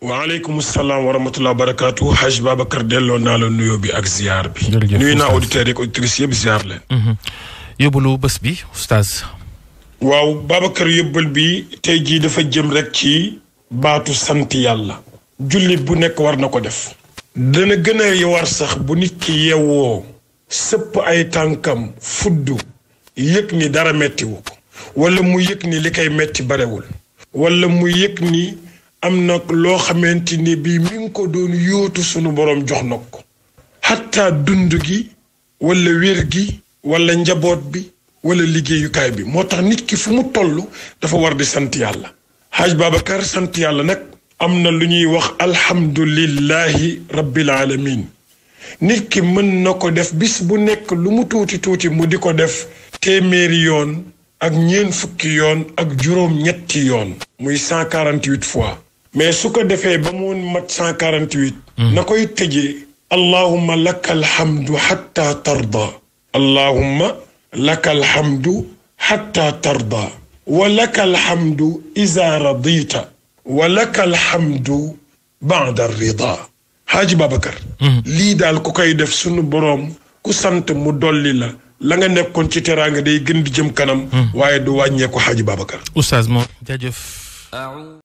وعليكم السلام ورحمة الله وبركاته حاج بابا كردلو نالو نيو بي اك زيار بي نيو نا اوديتيريك اوديتريسي بي زيار لين يبلو بس بي استاذ واو بابكر يبل بي تي جي دافا جيم تي باتو سانت يالا جولي بو نيك وار نكو ديف دا نا گنا يوار سخ بو نيت كي ييو سب اي تانكام فودو يكني دار ميتي وكو ولا مو يكني ليكاي ميتي باريول ولا مو يكني am na loo xamante ni bii mi ngi ko doon yóotu sunu borom jox na ko xataa dund gi wala wér gi wala njaboot bi wala liggéeyukaay bi moo tax nit ki fu mu toll dafa war di sant yàlla xaaj Babacar sant la nag am na lu ñuy wax alhamdulillahi rabbil alamin nit ki mën na ko def bis bu nekk lu mu tuuti tuuti mu di ko def téeméeri yoon ak ñeent fukki yoon ak juróom ñetti yoon muy 148 fois mais su ko defee ba mu mat cent quarante huit hmm. na koy tëjee allahuma laka alhamdu xatta tarda allahuma laka alhamdu xatta tarda wa laka alhamdu ida radita wa laka alhamdu baada rida xaaji babacar hmm. lii daal ku koy def sunu borom ku sant mu dolli la la nga nekkoon ci teraanga day gën di jëm kanam hmm. waaye du wàññeeku xaaji babacar oustaz